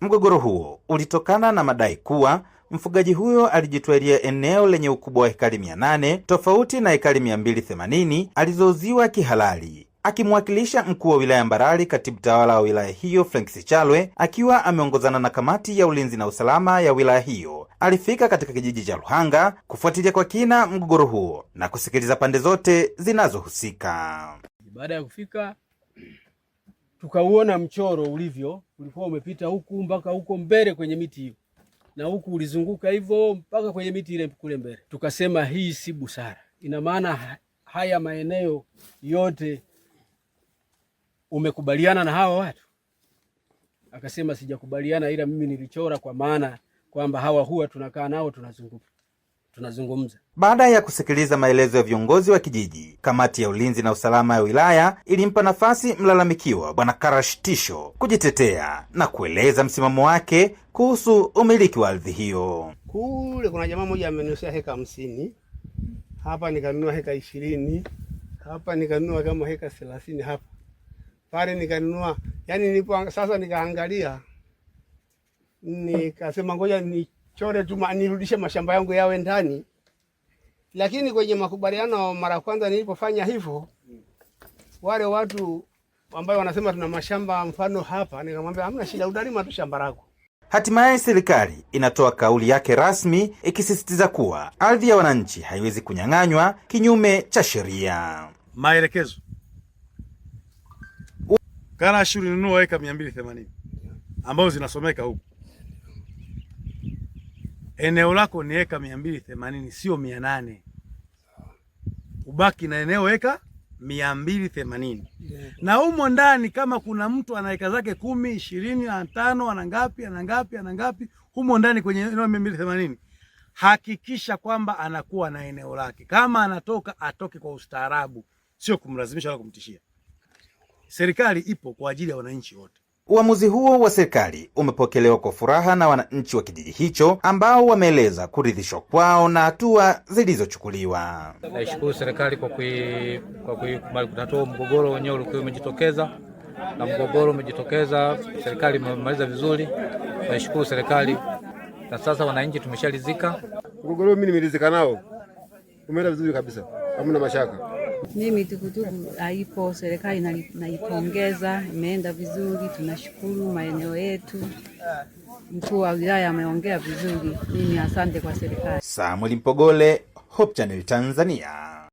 Mgogoro huo ulitokana na madai kuwa mfugaji huyo alijitwalia eneo lenye ukubwa wa hekari 800 tofauti na hekari 280 alizouziwa kihalali. Akimwakilisha mkuu wa wilaya Mbarali, katibu tawala wa wilaya hiyo Frank Sichalwe akiwa ameongozana na kamati ya ulinzi na usalama ya wilaya hiyo alifika katika kijiji cha Ruhanga kufuatilia kwa kina mgogoro huo na kusikiliza pande zote zinazohusika. Baada ya kufika tukauona mchoro ulivyo, ulikuwa umepita huku mpaka huko mbele kwenye miti hiyo, na huku ulizunguka hivyo mpaka kwenye miti ile kule mbele. Tukasema hii si busara, ina maana haya maeneo yote umekubaliana na hawa watu? Akasema sijakubaliana, ila mimi nilichora kwa maana kwamba hawa huwa tunakaa nao tunazunguka tunazungumza. Baada ya kusikiliza maelezo ya viongozi wa kijiji, kamati ya ulinzi na usalama ya wilaya ilimpa nafasi mlalamikiwa Bwana Karashtisho kujitetea na kueleza msimamo wake kuhusu umiliki wa ardhi hiyo. Kule kuna jamaa mmoja amenusia heka hamsini, hapa nikanunua heka ishirini, hapa nikanunua kama heka thelathini, hapa pale nikanunua. Yani nipo sasa, nikaangalia nikasema ngoja ni chore tu nirudishe mashamba yangu yawe ndani. Lakini kwenye makubaliano mara kwanza nilipofanya hivyo, wale watu ambao wanasema tuna mashamba mfano hapa, nikamwambia hamna shida, udalima tu shamba lako. Hatimaye serikali inatoa kauli yake rasmi ikisisitiza kuwa ardhi ya wananchi haiwezi kunyang'anywa kinyume cha sheria. Maelekezo kana shuru nunua eka 280 ambazo zinasomeka huku eneo lako ni eka mia mbili themanini sio mia nane ubaki na eneo eka mia mbili themanini na umo ndani, kama kuna mtu eka zake kumi ishirini na tano ana ngapi ana ngapi ana ngapi, humo ndani kwenye eneo mia mbili themanini hakikisha kwamba anakuwa na eneo lake. Kama anatoka atoke kwa ustaarabu, sio kumlazimisha wala kumtishia. Serikali ipo kwa ajili ya wananchi wote. Uamuzi huo wa serikali umepokelewa kwa furaha na wananchi wa kijiji hicho ambao wameeleza kuridhishwa kwao na hatua zilizochukuliwa. Naishukuru serikali kwa kuikubali kutatua mgogoro wenyewe ulikuwa umejitokeza, na mgogoro umejitokeza, serikali imemaliza vizuri. Naishukuru serikali, na sasa wananchi tumesharidhika. Mgogoro mimi nimeridhika nao, umeenda vizuri kabisa, hamna mashaka. Mimi tukutuku haipo, serikali naipongeza, imeenda vizuri, tunashukuru maeneo yetu. Mkuu wa wilaya ameongea vizuri, mimi asante kwa serikali. Samuel Mpogole, Hope Channel Tanzania.